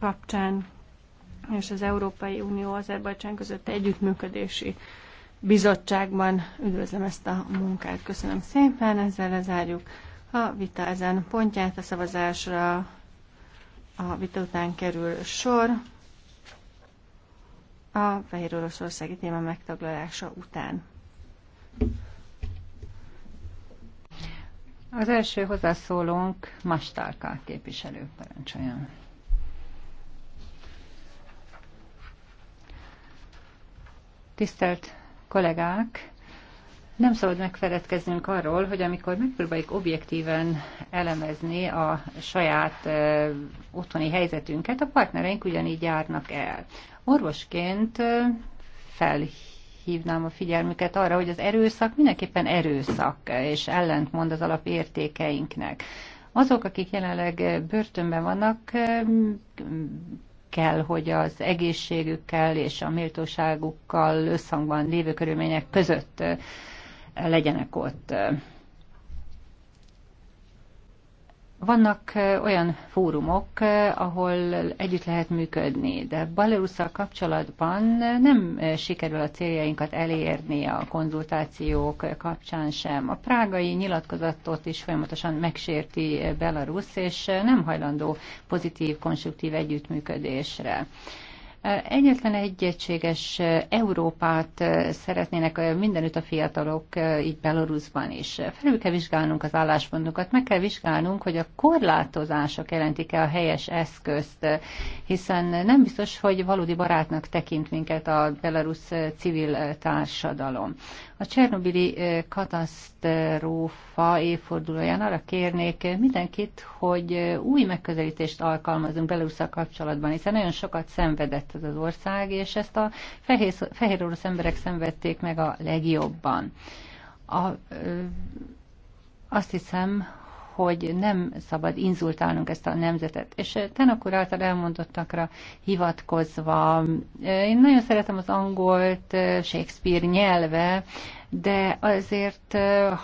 kapcsán és az Európai Unió Azerbajcsán között együttműködési bizottságban. Üdvözlöm ezt a munkát, köszönöm szépen, ezzel lezárjuk a vita ezen pontját, a szavazásra a vita után kerül sor a Fehér Oroszországi téma megtaglalása után. Az első hozzászólónk Mastálka képviselő parancsoljon. Tisztelt kollégák! Nem szabad megfeledkeznünk arról, hogy amikor megpróbáljuk objektíven elemezni a saját otthoni helyzetünket, a partnereink ugyanígy járnak el. Orvosként felhívnám a figyelmüket arra, hogy az erőszak mindenképpen erőszak, és ellentmond az alapértékeinknek azok, akik jelenleg börtönben vannak, kell, hogy az egészségükkel és a méltóságukkal összhangban lévő körülmények között eh, legyenek ott. Eh, vannak olyan fórumok, ahol együtt lehet működni, de Balerusszal kapcsolatban nem sikerül a céljainkat elérni a konzultációk kapcsán sem. A prágai nyilatkozatot is folyamatosan megsérti Belarus, és nem hajlandó pozitív, konstruktív együttműködésre. Egyetlen egy egységes Európát szeretnének mindenütt a fiatalok, így Belarusban is. Felül kell vizsgálnunk az álláspontokat, meg kell vizsgálnunk, hogy a korlátozások jelentik-e a helyes eszközt, hiszen nem biztos, hogy valódi barátnak tekint minket a belarusz civil társadalom. A Csernobili katasztrófa évfordulóján arra kérnék mindenkit, hogy új megközelítést alkalmazunk Belarusza kapcsolatban, hiszen nagyon sokat szenvedett ez az ország, és ezt a fehér, fehér orosz emberek szenvedték meg a legjobban. A, azt hiszem, hogy nem szabad inzultálnunk ezt a nemzetet. És eh, Tenak akkor által elmondottakra hivatkozva, eh, én nagyon szeretem az angolt, eh, Shakespeare nyelve, de azért,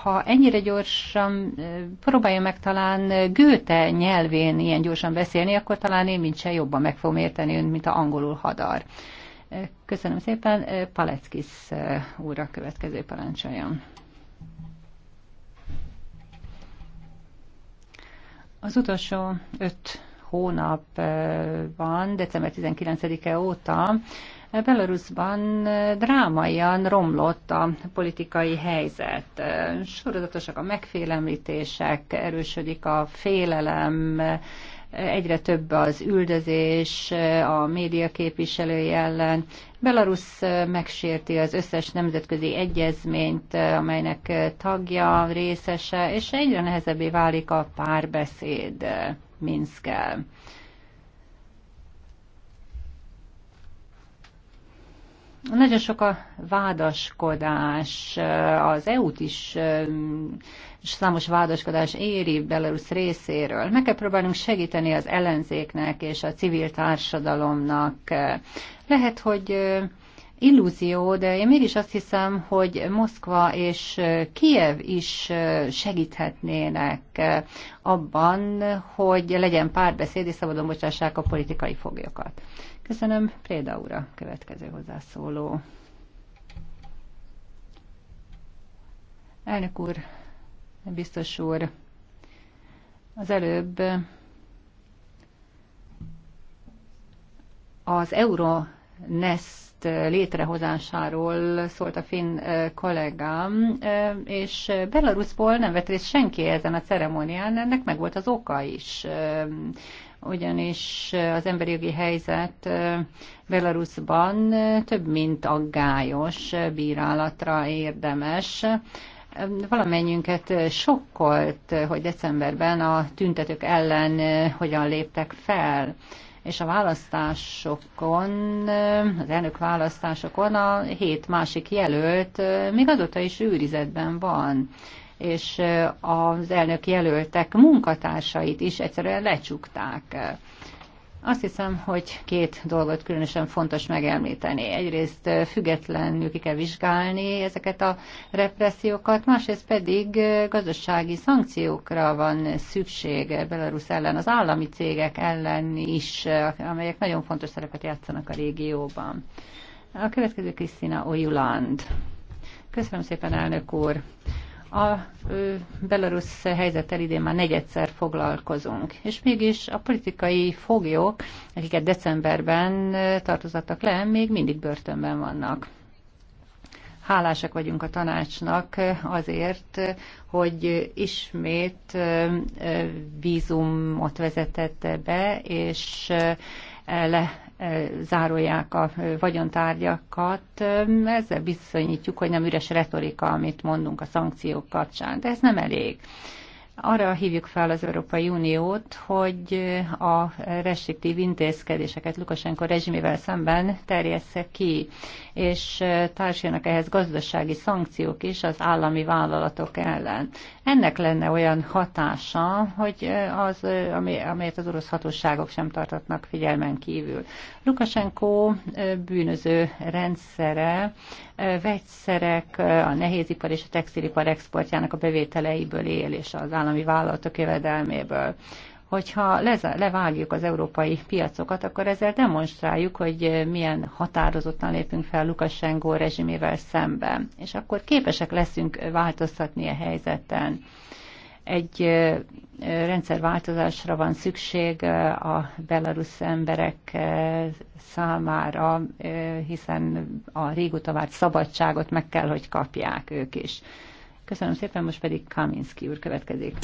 ha ennyire gyorsan próbálja meg talán Gőte nyelvén ilyen gyorsan beszélni, akkor talán én mint se jobban meg fogom érteni mint a angolul hadar. Köszönöm szépen, Paleckis úr a következő parancsoljon. Az utolsó öt hónapban, december 19-e óta Belarusban drámaian romlott a politikai helyzet. Sorozatosak a megfélemlítések, erősödik a félelem, egyre több az üldözés a média képviselői ellen. Belarus megsérti az összes nemzetközi egyezményt, amelynek tagja, részese, és egyre nehezebbé válik a párbeszéd Minszkel. Nagyon sok a vádaskodás, az EU-t is számos vádaskodás éri Belarus részéről. Meg kell próbálnunk segíteni az ellenzéknek és a civil társadalomnak. Lehet, hogy illúzió, de én mégis azt hiszem, hogy Moszkva és Kiev is segíthetnének abban, hogy legyen párbeszéd, és szabadon bocsássák a politikai foglyokat. Köszönöm. Préda úra, következő hozzászóló. Elnök úr, biztos úr, az előbb az Euronest létrehozásáról szólt a finn kollégám, és Belarusból nem vett részt senki ezen a ceremónián, ennek meg volt az oka is ugyanis az emberi jogi helyzet Belarusban több mint aggályos, bírálatra érdemes. Valamennyünket sokkolt, hogy decemberben a tüntetők ellen hogyan léptek fel és a választásokon, az elnök választásokon a hét másik jelölt még azóta is őrizetben van és az elnök jelöltek munkatársait is egyszerűen lecsukták. Azt hiszem, hogy két dolgot különösen fontos megemlíteni. Egyrészt függetlenül ki kell vizsgálni ezeket a repressziókat, másrészt pedig gazdasági szankciókra van szükség Belarus ellen, az állami cégek ellen is, amelyek nagyon fontos szerepet játszanak a régióban. A következő Krisztina Ojuland. Köszönöm szépen, elnök úr! A belarusz helyzettel idén már negyedszer foglalkozunk, és mégis a politikai foglyok, akiket decemberben tartozattak le, még mindig börtönben vannak. Hálásak vagyunk a tanácsnak azért, hogy ismét vízumot vezetett be, és le zárolják a vagyontárgyakat. Ezzel bizonyítjuk, hogy nem üres retorika, amit mondunk a szankciók kapcsán, de ez nem elég arra hívjuk fel az Európai Uniót, hogy a restriktív intézkedéseket Lukasenko rezsimével szemben terjessze ki, és társuljanak ehhez gazdasági szankciók is az állami vállalatok ellen. Ennek lenne olyan hatása, hogy az, amelyet az orosz hatóságok sem tartatnak figyelmen kívül. Lukasenko bűnöző rendszere, vegyszerek, a nehézipar és a textilipar exportjának a bevételeiből él, és az állami állami vállalatok jövedelméből hogyha levágjuk az európai piacokat, akkor ezzel demonstráljuk, hogy milyen határozottan lépünk fel Lukasenko rezsimével szemben, és akkor képesek leszünk változtatni a helyzeten. Egy rendszerváltozásra van szükség a belarusz emberek számára, hiszen a régóta várt szabadságot meg kell, hogy kapják ők is. Köszönöm szépen, most pedig Kaminski úr következik.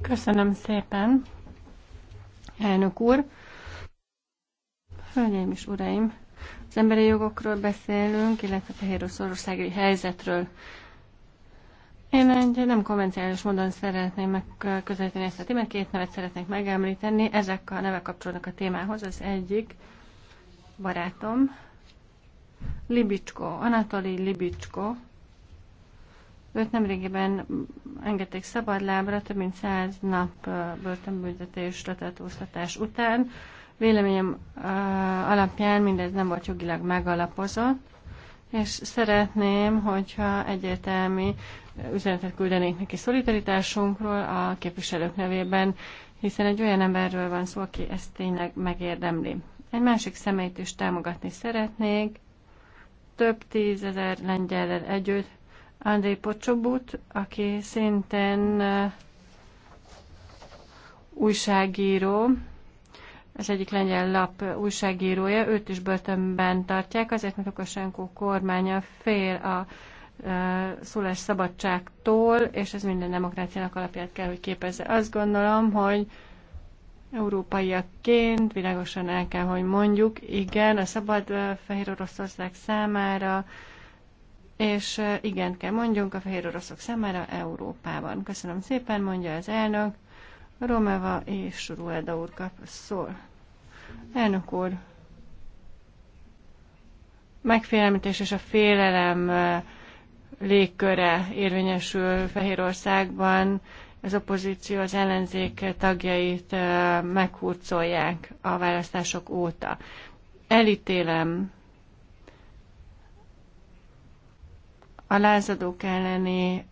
Köszönöm szépen, elnök úr. Hölgyeim és uraim, az emberi jogokról beszélünk, illetve a fehér oroszországi helyzetről. Én egy nem konvenciális módon szeretném megközelíteni ezt a témát, két nevet szeretnék megemlíteni. Ezek a nevek kapcsolódnak a témához. Az egyik barátom, Libicsko, Anatoli Libicsko, Őt nemrégiben engedték lábra, több mint száz nap börtönbüntetés letartóztatás után. Véleményem alapján mindez nem volt jogilag megalapozott, és szeretném, hogyha egyértelmű üzenetet küldenék neki szolidaritásunkról a képviselők nevében, hiszen egy olyan emberről van szó, aki ezt tényleg megérdemli. Egy másik személyt is támogatni szeretnék, több tízezer lengyel együtt, André Pocsobut, aki szintén újságíró, az egyik lengyel lap újságírója, őt is börtönben tartják, azért, mert Lukasenko kormánya fél a szólás szabadságtól, és ez minden demokráciának alapját kell, hogy képezze. Azt gondolom, hogy európaiakként világosan el kell, hogy mondjuk, igen, a szabad Fehér Oroszország számára és igen kell mondjunk a fehér oroszok számára Európában. Köszönöm szépen, mondja az elnök. Romeva és Rueda úr kap szól. Elnök úr, megfélemlítés és a félelem légköre érvényesül Fehérországban. Az opozíció, az ellenzék tagjait meghurcolják a választások óta. Elítélem a lázadók elleni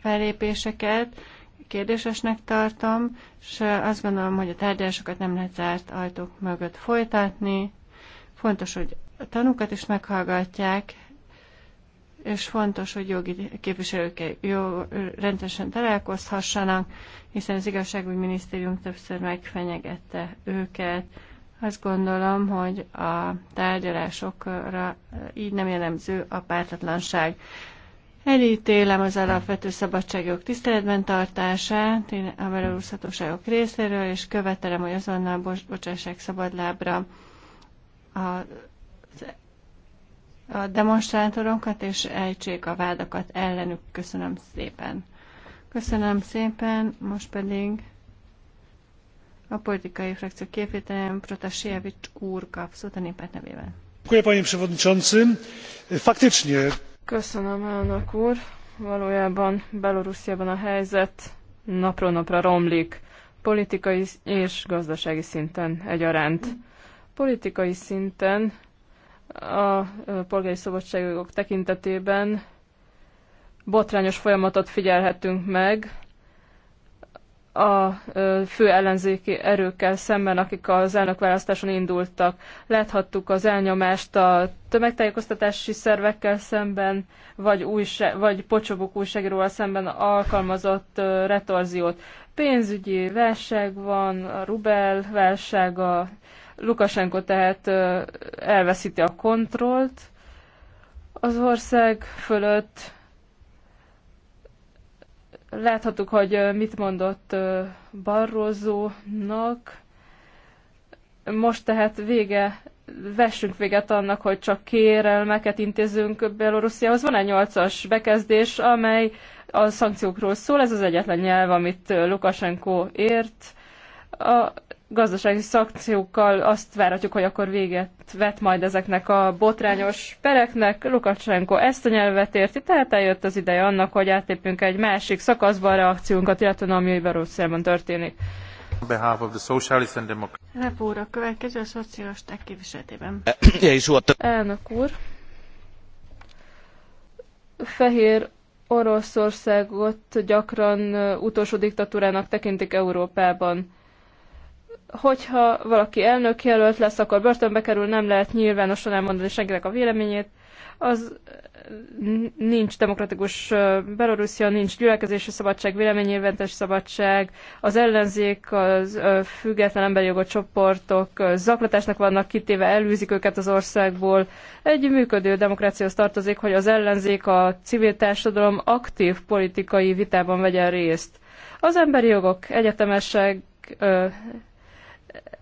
fellépéseket kérdésesnek tartom, és azt gondolom, hogy a tárgyalásokat nem lehet zárt ajtók mögött folytatni. Fontos, hogy a tanúkat is meghallgatják, és fontos, hogy jogi képviselők jó, rendesen találkozhassanak, hiszen az igazságügyminisztérium többször megfenyegette őket. Azt gondolom, hogy a tárgyalásokra így nem jellemző a pártatlanság. Elítélem az alapvető szabadságok tiszteletben tartását a belarúsz részéről, és követelem, hogy azonnal bo- bocsássák szabadlábra a, a demonstrátorokat, és ejtsék a vádakat ellenük. Köszönöm szépen. Köszönöm szépen, most pedig a politikai frakció képviselője Protasievics úr kap szót a néppárt nevében. Köszönöm, elnök úr. Valójában Belorussziában a helyzet napról napra romlik, politikai és gazdasági szinten egyaránt. Politikai szinten a polgári szabadságok tekintetében botrányos folyamatot figyelhetünk meg, a fő ellenzéki erőkkel szemben, akik az elnökválasztáson indultak. Láthattuk az elnyomást a tömegtájékoztatási szervekkel szemben, vagy, újság, vagy pocsobok újságíróval szemben alkalmazott retorziót. Pénzügyi válság van, a Rubel válság, a Lukasenko tehát elveszíti a kontrollt az ország fölött, Láthattuk, hogy mit mondott Barrozónak. Most tehát vége, vessünk véget annak, hogy csak kérelmeket intézünk Belorussziához. Van egy nyolcas bekezdés, amely a szankciókról szól. Ez az egyetlen nyelv, amit Lukasenko ért. A gazdasági szakciókkal azt várhatjuk, hogy akkor véget vet majd ezeknek a botrányos pereknek. Lukashenko ezt a nyelvet érti, tehát eljött az ideje annak, hogy átépünk egy másik szakaszba a reakciónkat, illetve ami Belarusában történik. On behalf of the and következő a szocialisták képviseletében. Elnök úr, fehér Oroszországot gyakran utolsó diktatúrának tekintik Európában hogyha valaki elnök jelölt lesz, akkor börtönbe kerül, nem lehet nyilvánosan elmondani senkinek a véleményét. Az nincs demokratikus Belarusia, nincs gyülekezési szabadság, véleményérventes szabadság, az ellenzék, az független emberi jogok csoportok zaklatásnak vannak kitéve, elűzik őket az országból. Egy működő demokráciához tartozik, hogy az ellenzék, a civil társadalom aktív politikai vitában vegyen részt. Az emberi jogok egyetemesek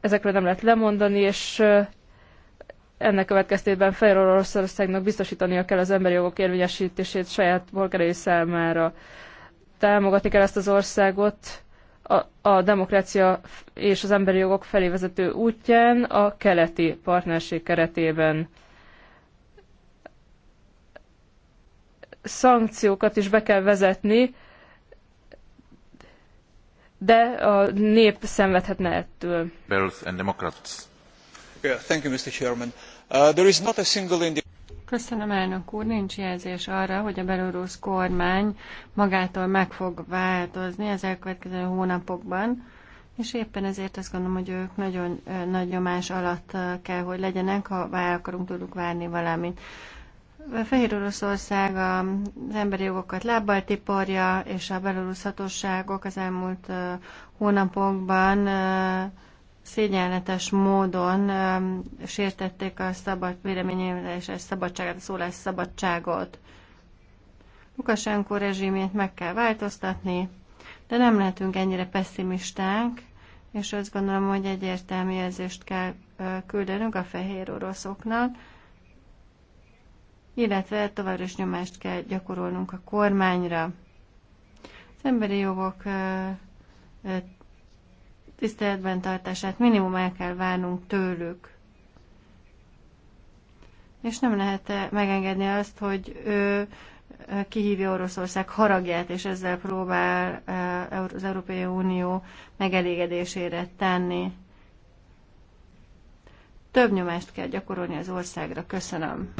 ezekről nem lehet lemondani, és ennek következtében Fehér Oroszországnak biztosítania kell az emberi jogok érvényesítését saját polgárai számára. Támogatni kell ezt az országot a, a demokrácia és az emberi jogok felé vezető útján a keleti partnerség keretében. Szankciókat is be kell vezetni, de a nép szenvedhetne ettől. Uh, Köszönöm, elnök úr. Nincs jelzés arra, hogy a belorusz kormány magától meg fog változni az elkövetkező hónapokban, és éppen ezért azt gondolom, hogy ők nagyon nagy nyomás alatt kell, hogy legyenek, ha el akarunk tőlük várni valamit. Fehér Oroszország az emberi jogokat lábbal tiporja, és a belorusz hatóságok az elmúlt hónapokban szégyenletes módon sértették a szabad a szabadságát, a szólás szabadságot. Lukasenko rezsimét meg kell változtatni, de nem lehetünk ennyire pessimisták, és azt gondolom, hogy egyértelmű jelzést kell küldenünk a fehér oroszoknak, illetve továbbis nyomást kell gyakorolnunk a kormányra. Az emberi jogok tiszteletben tartását minimum el kell várnunk tőlük. És nem lehet -e megengedni azt, hogy ő kihívja Oroszország haragját, és ezzel próbál az Európai Unió megelégedésére tenni több nyomást kell gyakorolni az országra. Köszönöm.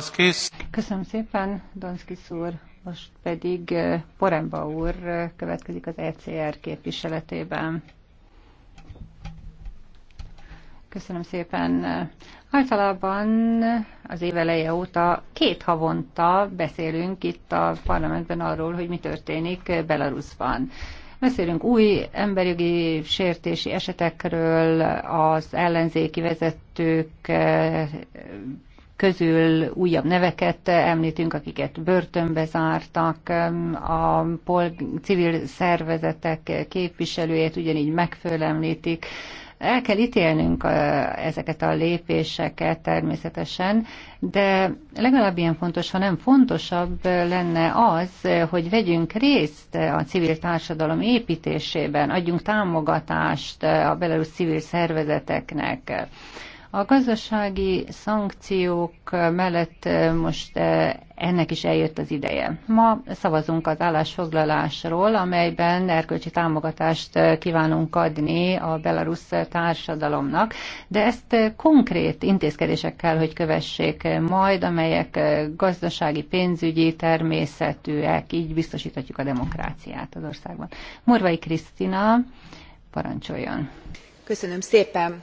Köszönöm szépen, Donskis úr. Most pedig eh, Poremba úr eh, következik az ECR képviseletében. Köszönöm szépen. Általában az év eleje óta két havonta beszélünk itt a parlamentben arról, hogy mi történik Belarusban. Beszélünk új emberjogi sértési esetekről, az ellenzéki vezet elkövetők eh, közül újabb neveket említünk, akiket börtönbe zártak, eh, a civil szervezetek képviselőjét ugyanígy megfőlemlítik. El kell ítélnünk eh, ezeket a lépéseket természetesen, de legalább ilyen fontos, ha nem fontosabb lenne az, hogy vegyünk részt a civil társadalom építésében, adjunk támogatást a belarus civil szervezeteknek a gazdasági szankciók mellett eh, most eh, ennek is eljött az ideje. Ma szavazunk az állásfoglalásról, amelyben erkölcsi támogatást eh, kívánunk adni a belarusz társadalomnak, de ezt konkrét intézkedésekkel, hogy kövessék majd, amelyek gazdasági, pénzügyi természetűek, így biztosíthatjuk a demokráciát az országban. Morvai Krisztina, parancsoljon! Köszönöm szépen!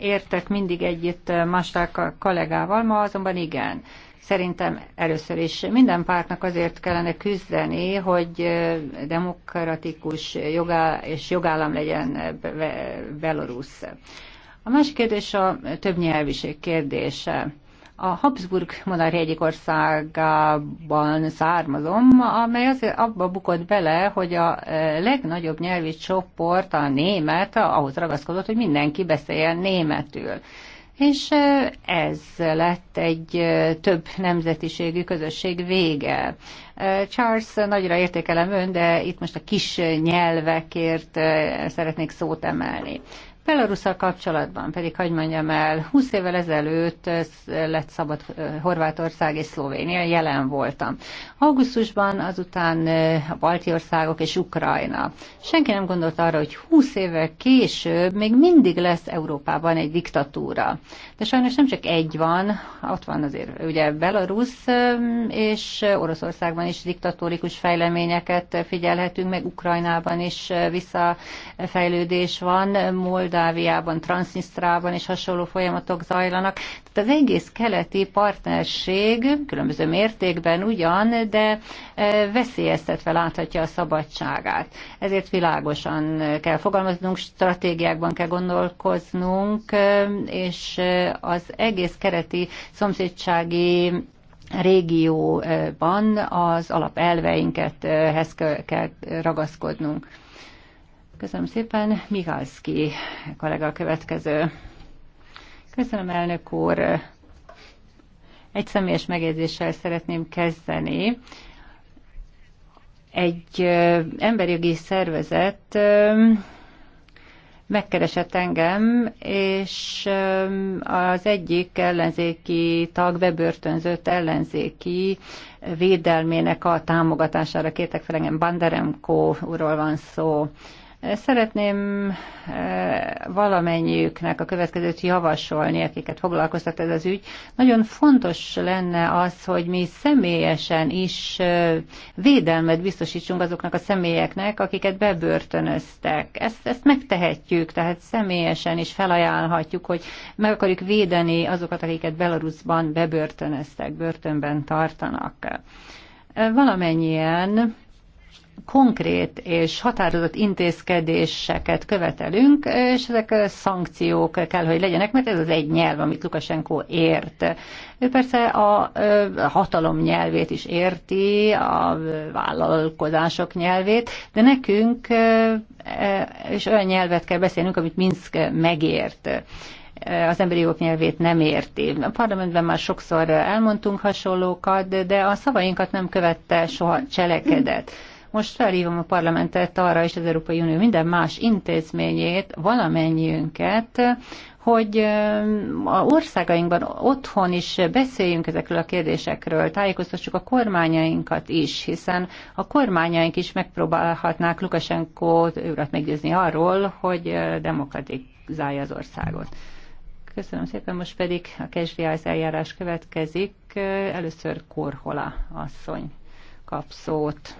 értek mindig együtt Masták kollégával, ma azonban igen. Szerintem először is minden pártnak azért kellene küzdeni, hogy demokratikus jogá és jogállam legyen Belarus. A másik kérdés a többnyelviség kérdése a Habsburg monarchia egyik országában származom, amely azért abba bukott bele, hogy a e, legnagyobb nyelvi csoport, a német, ahhoz ragaszkodott, hogy mindenki beszéljen németül. És e, ez lett egy e, több nemzetiségű közösség vége. Charles, nagyra értékelem ön, de itt most a kis nyelvekért szeretnék szót emelni. Belarusszal kapcsolatban pedig, hagyd mondjam el, 20 évvel ezelőtt lett szabad Horvátország és Szlovénia, jelen voltam. Augusztusban azután a balti országok és Ukrajna. Senki nem gondolt arra, hogy 20 évvel később még mindig lesz Európában egy diktatúra. De sajnos nem csak egy van, ott van azért ugye Belarus és Oroszországban is diktatórikus fejleményeket figyelhetünk meg, Ukrajnában is visszafejlődés van, Moldáviában, Transnistrában és hasonló folyamatok zajlanak. Tehát az egész keleti partnerség különböző mértékben ugyan, de e, veszélyeztetve láthatja a szabadságát. Ezért világosan kell fogalmaznunk, stratégiákban kell gondolkoznunk, e, és az egész kereti szomszédsági régióban az alapelveinkethez eh, kell ragaszkodnunk. Köszönöm szépen. Mihalszki kollega a következő. Köszönöm, elnök úr. Egy személyes megjegyzéssel szeretném kezdeni. Egy eh, emberjogi szervezet eh, megkeresett engem, és az egyik ellenzéki tag, bebörtönzött ellenzéki védelmének a támogatására kértek fel engem, Banderemko úrról van szó. Szeretném eh, valamennyiüknek a következőt javasolni, akiket foglalkoztat ez az ügy. Nagyon fontos lenne az, hogy mi személyesen is eh, védelmet biztosítsunk azoknak a személyeknek, akiket bebörtönöztek. Ezt, ezt megtehetjük, tehát személyesen is felajánlhatjuk, hogy meg akarjuk védeni azokat, akiket Belarusban bebörtönöztek, börtönben tartanak. Eh, valamennyien konkrét és határozott intézkedéseket követelünk, és ezek szankciók kell, hogy legyenek, mert ez az egy nyelv, amit Lukasenko ért. Ő persze a hatalom nyelvét is érti, a vállalkozások nyelvét, de nekünk és olyan nyelvet kell beszélnünk, amit Minsk megért az emberi jogok nyelvét nem érti. A parlamentben már sokszor elmondtunk hasonlókat, de a szavainkat nem követte soha cselekedet. Most felhívom a parlamentet arra és az Európai Unió minden más intézményét, valamennyiünket, hogy a országainkban otthon is beszéljünk ezekről a kérdésekről, tájékoztassuk a kormányainkat is, hiszen a kormányaink is megpróbálhatnák Lukasenko őrat meggyőzni arról, hogy demokratizálja az országot. Köszönöm szépen, most pedig a kezdiáz eljárás következik. Először Korhola asszony kap szót.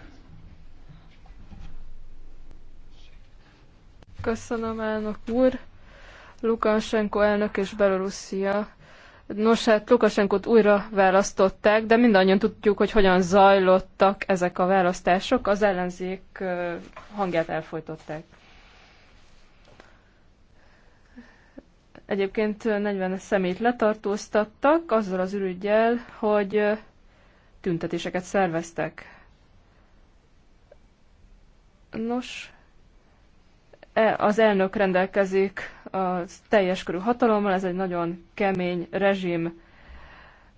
Köszönöm, elnök úr. Lukasenko elnök és Belorusszia. Nos, hát Lukasenkot újra választották, de mindannyian tudjuk, hogy hogyan zajlottak ezek a választások. Az ellenzék hangját elfolytották. Egyébként 40 szemét letartóztattak azzal az ürügyel, hogy tüntetéseket szerveztek. Nos, E, az elnök rendelkezik a teljes körű hatalommal, ez egy nagyon kemény rezsim.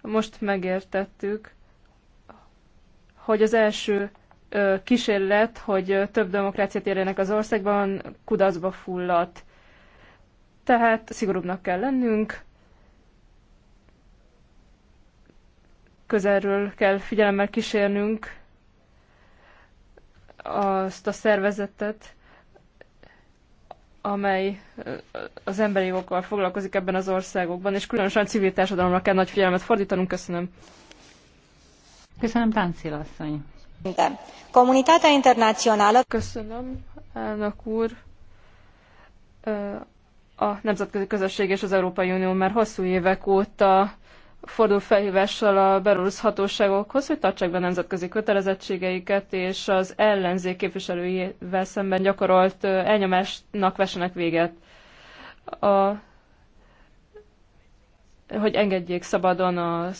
Most megértettük, hogy az első kísérlet, hogy több demokráciát érjenek az országban, kudarcba fulladt. Tehát szigorúbbnak kell lennünk, közelről kell figyelemmel kísérnünk azt a szervezetet, amely az emberi jogokkal foglalkozik ebben az országokban, és különösen a civil társadalomra kell nagy figyelmet fordítanunk. Köszönöm. Köszönöm, Táncél asszony. Komunitatea internațională. Köszönöm, elnök úr. A nemzetközi közösség és az Európai Unió már hosszú évek óta fordul felhívással a belorusz hatóságokhoz, hogy tartsák be nemzetközi kötelezettségeiket, és az ellenzék képviselőivel szemben gyakorolt elnyomásnak vessenek véget. A hogy engedjék szabadon a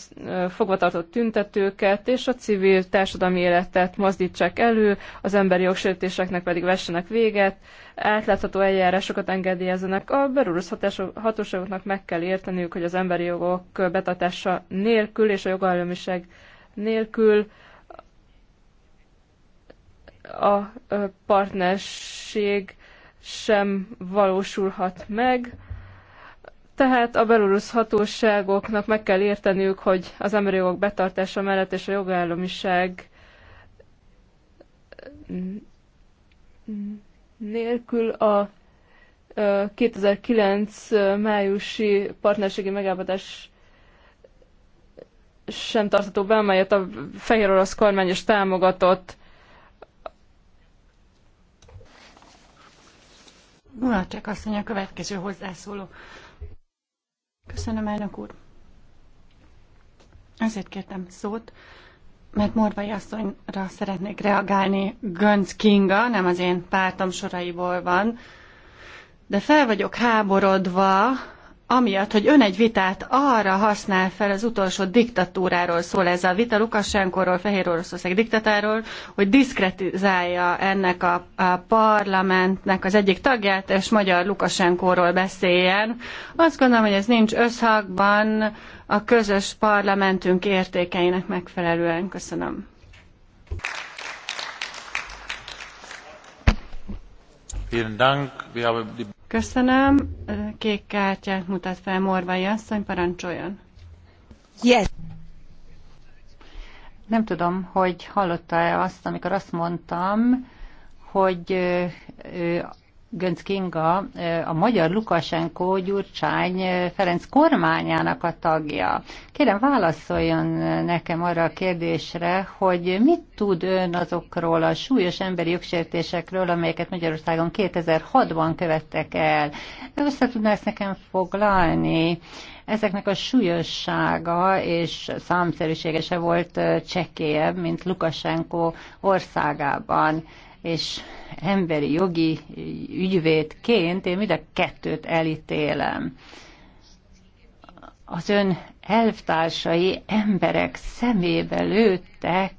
fogvatartott tüntetőket, és a civil társadalmi életet mozdítsák elő, az emberi jogsértéseknek pedig vessenek véget, átlátható eljárásokat engedélyezenek. A berúrusz hatóságoknak meg kell érteniük, hogy az emberi jogok betartása nélkül és a jogállamiság nélkül a partnerség sem valósulhat meg tehát a belorusz hatóságoknak meg kell érteniük, hogy az emberi jogok betartása mellett és a jogállamiság nélkül a 2009 májusi partnerségi megállapodás sem tartható be, amelyet a fehér orosz kormány is támogatott. azt mondja a következő hozzászóló. Köszönöm, elnök úr. Ezért kértem szót, mert Morvai asszonyra szeretnék reagálni. Gönc Kinga, nem az én pártom soraiból van, de fel vagyok háborodva, amiatt, hogy ön egy vitát arra használ fel az utolsó diktatúráról szól ez a vita, Lukasenkorról, Fehér Oroszország diktatáról, hogy diszkretizálja ennek a, a parlamentnek az egyik tagját, és magyar Lukasenkorról beszéljen. Azt gondolom, hogy ez nincs összhangban a közös parlamentünk értékeinek megfelelően. Köszönöm. Köszönöm. Kék kártyát mutat fel Morvai asszony, parancsoljon. Yes. Nem tudom, hogy hallotta-e azt, amikor azt mondtam, hogy Gönc Kinga a magyar Lukasenko Gyurcsány Ferenc kormányának a tagja. Kérem, válaszoljon nekem arra a kérdésre, hogy mit tud ön azokról a súlyos emberi jogsértésekről, amelyeket Magyarországon 2006-ban követtek el. Össze tudná ezt nekem foglalni? Ezeknek a súlyossága és számszerűsége se volt csekélyebb, mint Lukasenko országában és emberi jogi ügyvédként én mind a kettőt elítélem. Az ön elvtársai emberek szemébe lőttek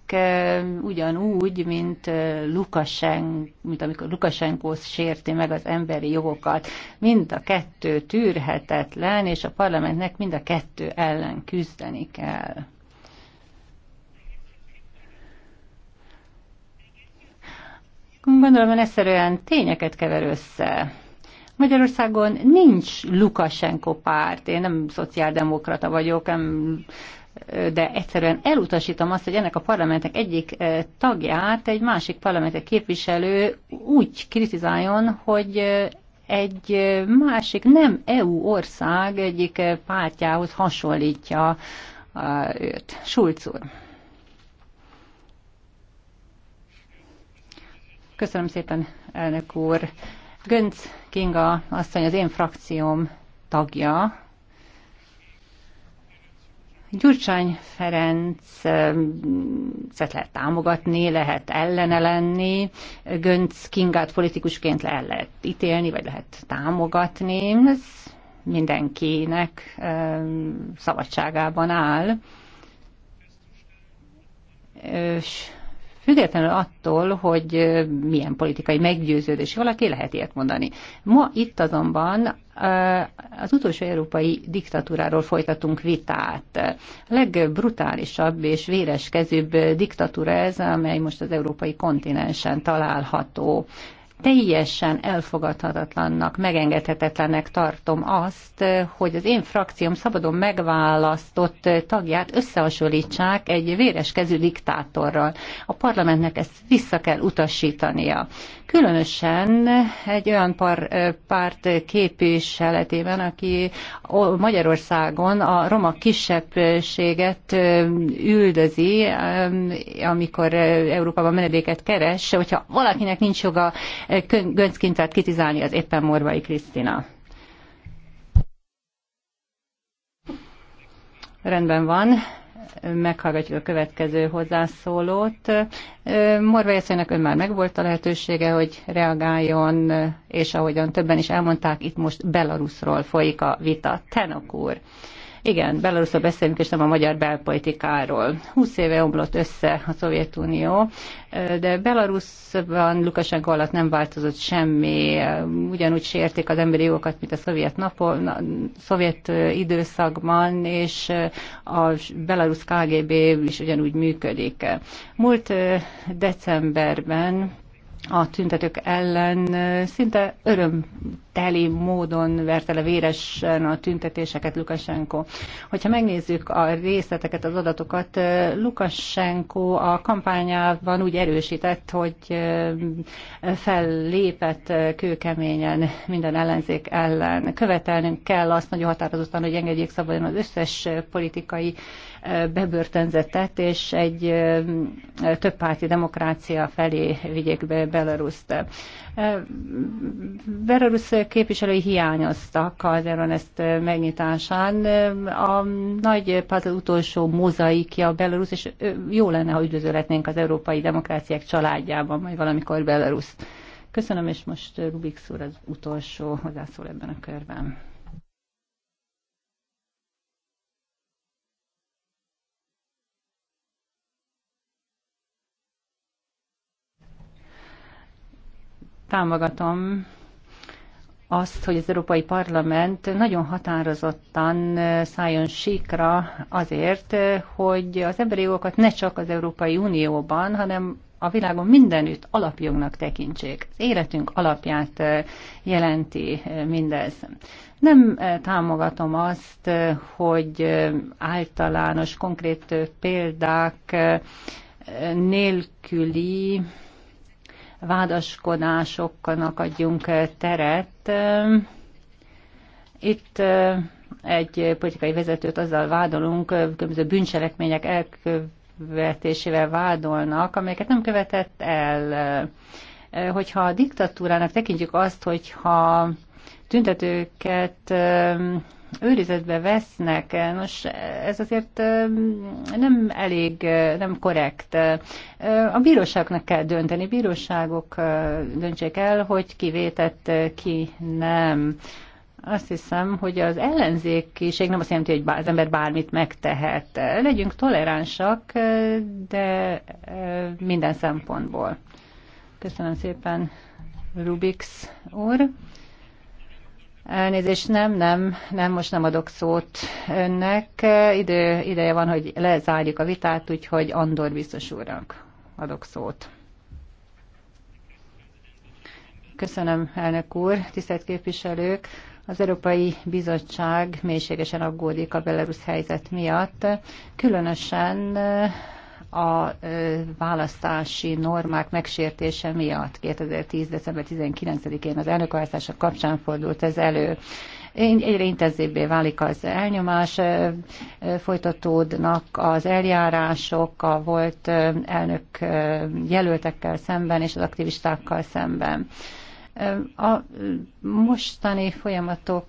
ugyanúgy, mint, Lukasen, mint amikor Lukasenko sérti meg az emberi jogokat. Mind a kettő tűrhetetlen, és a parlamentnek mind a kettő ellen küzdeni kell. Gondolom, hogy egyszerűen tényeket kever össze. Magyarországon nincs Lukasenko párt, én nem szociáldemokrata vagyok, nem de egyszerűen elutasítom azt, hogy ennek a parlamentnek egyik eh, tagját egy másik parlamentek képviselő úgy kritizáljon, hogy eh, egy eh, másik nem EU ország egyik pártjához hasonlítja őt. Schulz úr. Köszönöm szépen, elnök úr. Gönc Kinga asszony az én frakcióm tagja. Gyurcsány Ferenc szet lehet támogatni, lehet ellene lenni, Gönc Kingát politikusként le lehet ítélni, vagy lehet támogatni. Ez mindenkinek szabadságában áll és függetlenül attól, hogy milyen politikai meggyőződés valaki, lehet ilyet mondani. Ma itt azonban az utolsó európai diktatúráról folytatunk vitát. A legbrutálisabb és véres kezűbb diktatúra ez, amely most az európai kontinensen található teljesen elfogadhatatlannak, megengedhetetlennek tartom azt, hogy az én frakcióm szabadon megválasztott tagját összehasonlítsák egy kezű diktátorral. A parlamentnek ezt vissza kell utasítania. Különösen egy olyan par, párt képviseletében, aki Magyarországon a roma kisebbséget üldözi, amikor Európában menedéket keres, hogyha valakinek nincs joga Gönc Kintát kitizálni az éppen Morvai Krisztina. Rendben van. Meghallgatjuk a következő hozzászólót. Morvai asszonynak ön már megvolt a lehetősége, hogy reagáljon, és ahogyan többen is elmondták, itt most Belarusról folyik a vita. Tenok úr. Igen, Belarusról beszélünk, és nem a magyar belpolitikáról. 20 éve omlott össze a Szovjetunió, de Belarusban Lukasenko alatt nem változott semmi, ugyanúgy sérték az emberi jogokat, mint a szovjet, napol, na, szovjet időszakban, és a Belarus KGB is ugyanúgy működik. Múlt decemberben a tüntetők ellen szinte örömteli módon verte le véresen a tüntetéseket Lukasenko. Hogyha megnézzük a részleteket, az adatokat, Lukasenko a kampányában úgy erősített, hogy fellépett kőkeményen minden ellenzék ellen. Követelnünk kell azt nagyon határozottan, hogy engedjék szabadon az összes politikai bebörtönzetett, és egy többpárti demokrácia felé vigyék be Belaruszt. Belarus képviselői hiányoztak az ezt megnyitásán. A nagy puzzle utolsó mozaikja Belarus, és jó lenne, ha üdvözölhetnénk az európai demokráciák családjában, majd valamikor Belarus. Köszönöm, és most Rubik úr az utolsó hozzászól ebben a körben. támogatom azt, hogy az Európai Parlament nagyon határozottan szálljon síkra azért, hogy az emberi jogokat ne csak az Európai Unióban, hanem a világon mindenütt alapjognak tekintsék. Az életünk alapját eh, jelenti eh, mindez. Nem eh, támogatom azt, hogy általános, konkrét példák nélküli vádaskodásoknak adjunk teret. Itt egy politikai vezetőt azzal vádolunk, különböző bűncselekmények elkövetésével vádolnak, amelyeket nem követett el. Hogyha a diktatúrának tekintjük azt, hogyha tüntetőket őrizetbe vesznek. Nos, ez azért nem elég, nem korrekt. A bíróságnak kell dönteni, bíróságok döntsék el, hogy ki vétett, ki nem. Azt hiszem, hogy az ellenzékiség nem azt jelenti, hogy az ember bármit megtehet. Legyünk toleránsak, de minden szempontból. Köszönöm szépen, Rubix úr. Elnézést, nem, nem, nem, most nem adok szót önnek. Idő, ideje van, hogy lezárjuk a vitát, úgyhogy Andor biztos úrnak adok szót. Köszönöm, elnök úr, tisztelt képviselők! Az Európai Bizottság mélységesen aggódik a belarusz helyzet miatt, különösen a választási normák megsértése miatt. 2010. december 19-én az elnökválasztások kapcsán fordult ez elő egyre intenzívbé válik az elnyomás, folytatódnak az eljárások a volt elnök jelöltekkel szemben és az aktivistákkal szemben. A mostani folyamatok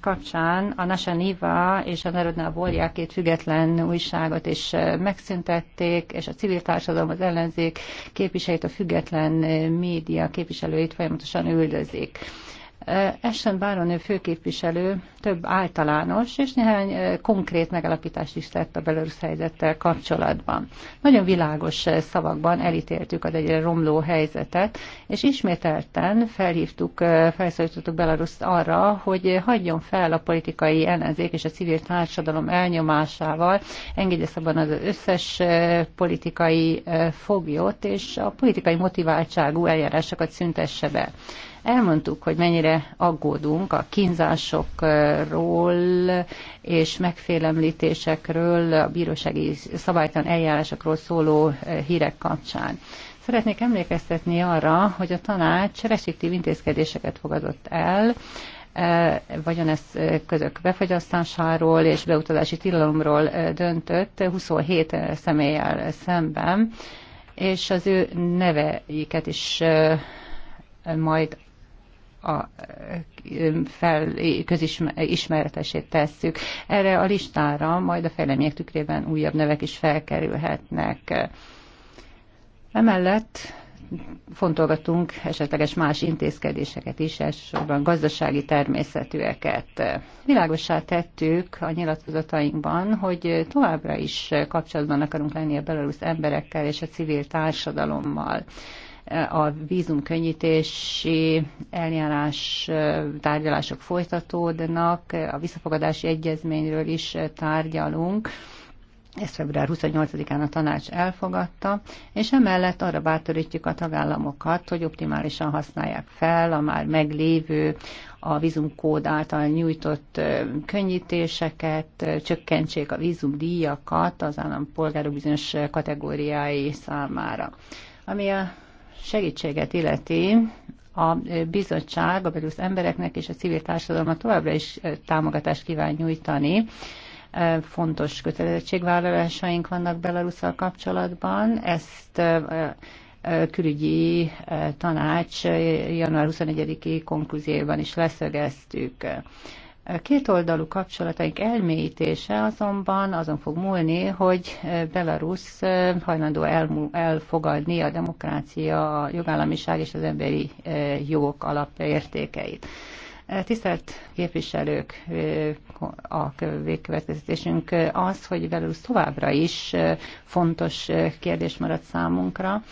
kapcsán a Nasa Niva és a Narodna Borja két független újságot is megszüntették, és a civil társadalom, az ellenzék képviselőit, a független média képviselőit folyamatosan üldözik. Essen Báronő főképviselő több általános és néhány konkrét megalapítást is tett a belorusz helyzettel kapcsolatban. Nagyon világos szavakban elítéltük az egyre romló helyzetet, és ismételten felhívtuk, felszólítottuk Belarus arra, hogy hagyjon fel a politikai ellenzék és a civil társadalom elnyomásával, engedje szabadon az összes politikai foglyot, és a politikai motiváltságú eljárásokat szüntesse be. Elmondtuk, hogy mennyire aggódunk a kínzásokról és megfélemlítésekről, a bírósági szabálytalan eljárásokról szóló eh, hírek kapcsán. Szeretnék emlékeztetni arra, hogy a tanács restriktív intézkedéseket fogadott el, eh, eh, közök befogyasztásáról és beutazási tilalomról döntött 27 személlyel szemben, és az ő neveiket is majd a fel, közismeretesét tesszük. Erre a listára majd a fejlemények tükrében újabb nevek is felkerülhetnek. Emellett fontolgatunk esetleges más intézkedéseket is, elsősorban gazdasági természetűeket. Világosá tettük a nyilatkozatainkban, hogy továbbra is kapcsolatban akarunk lenni a belarusz emberekkel és a civil társadalommal a vízumkönnyítési eljárás tárgyalások folytatódnak, a visszafogadási egyezményről is tárgyalunk. Ezt február 28-án a tanács elfogadta, és emellett arra bátorítjuk a tagállamokat, hogy optimálisan használják fel a már meglévő a vízumkód által nyújtott könnyítéseket, csökkentsék a vízumdíjakat az állampolgárok bizonyos kategóriái számára. Ami a segítséget illeti, a bizottság a belusz embereknek és a civil társadalomnak továbbra is támogatást kíván nyújtani. Fontos kötelezettségvállalásaink vannak Belarusszal kapcsolatban. Ezt külügyi tanács január 21-i konklúzióban is leszögeztük. Kétoldalú kapcsolataink elmélyítése azonban azon fog múlni, hogy Belarus eh, hajlandó elfogadni a demokrácia, a jogállamiság és az emberi eh, jogok alapértékeit. Tisztelt képviselők, a végkövetkezésünk az, hogy Belarus továbbra is fontos kérdés maradt számunkra.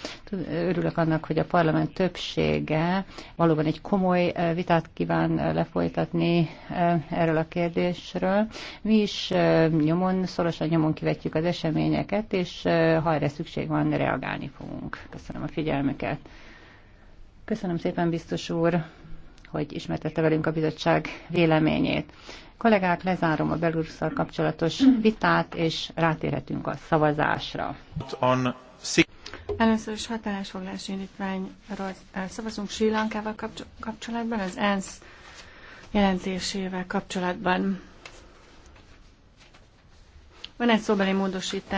Örülök annak, hogy a parlament többsége valóban egy komoly vitát kíván lefolytatni erről a kérdésről. Mi is nyomon, szorosan nyomon kivetjük az eseményeket, és ha erre szükség van, reagálni fogunk. Köszönöm a figyelmüket. Köszönöm szépen, biztos úr hogy ismertette velünk a bizottság véleményét. Kollégák, lezárom a belurusszal kapcsolatos vitát, és rátérhetünk a szavazásra. Először is határásfoglási indítványról eh, szavazunk Sri Lankával kapcsolatban, az ENSZ jelentésével kapcsolatban. Van egy szóbeli módosítás,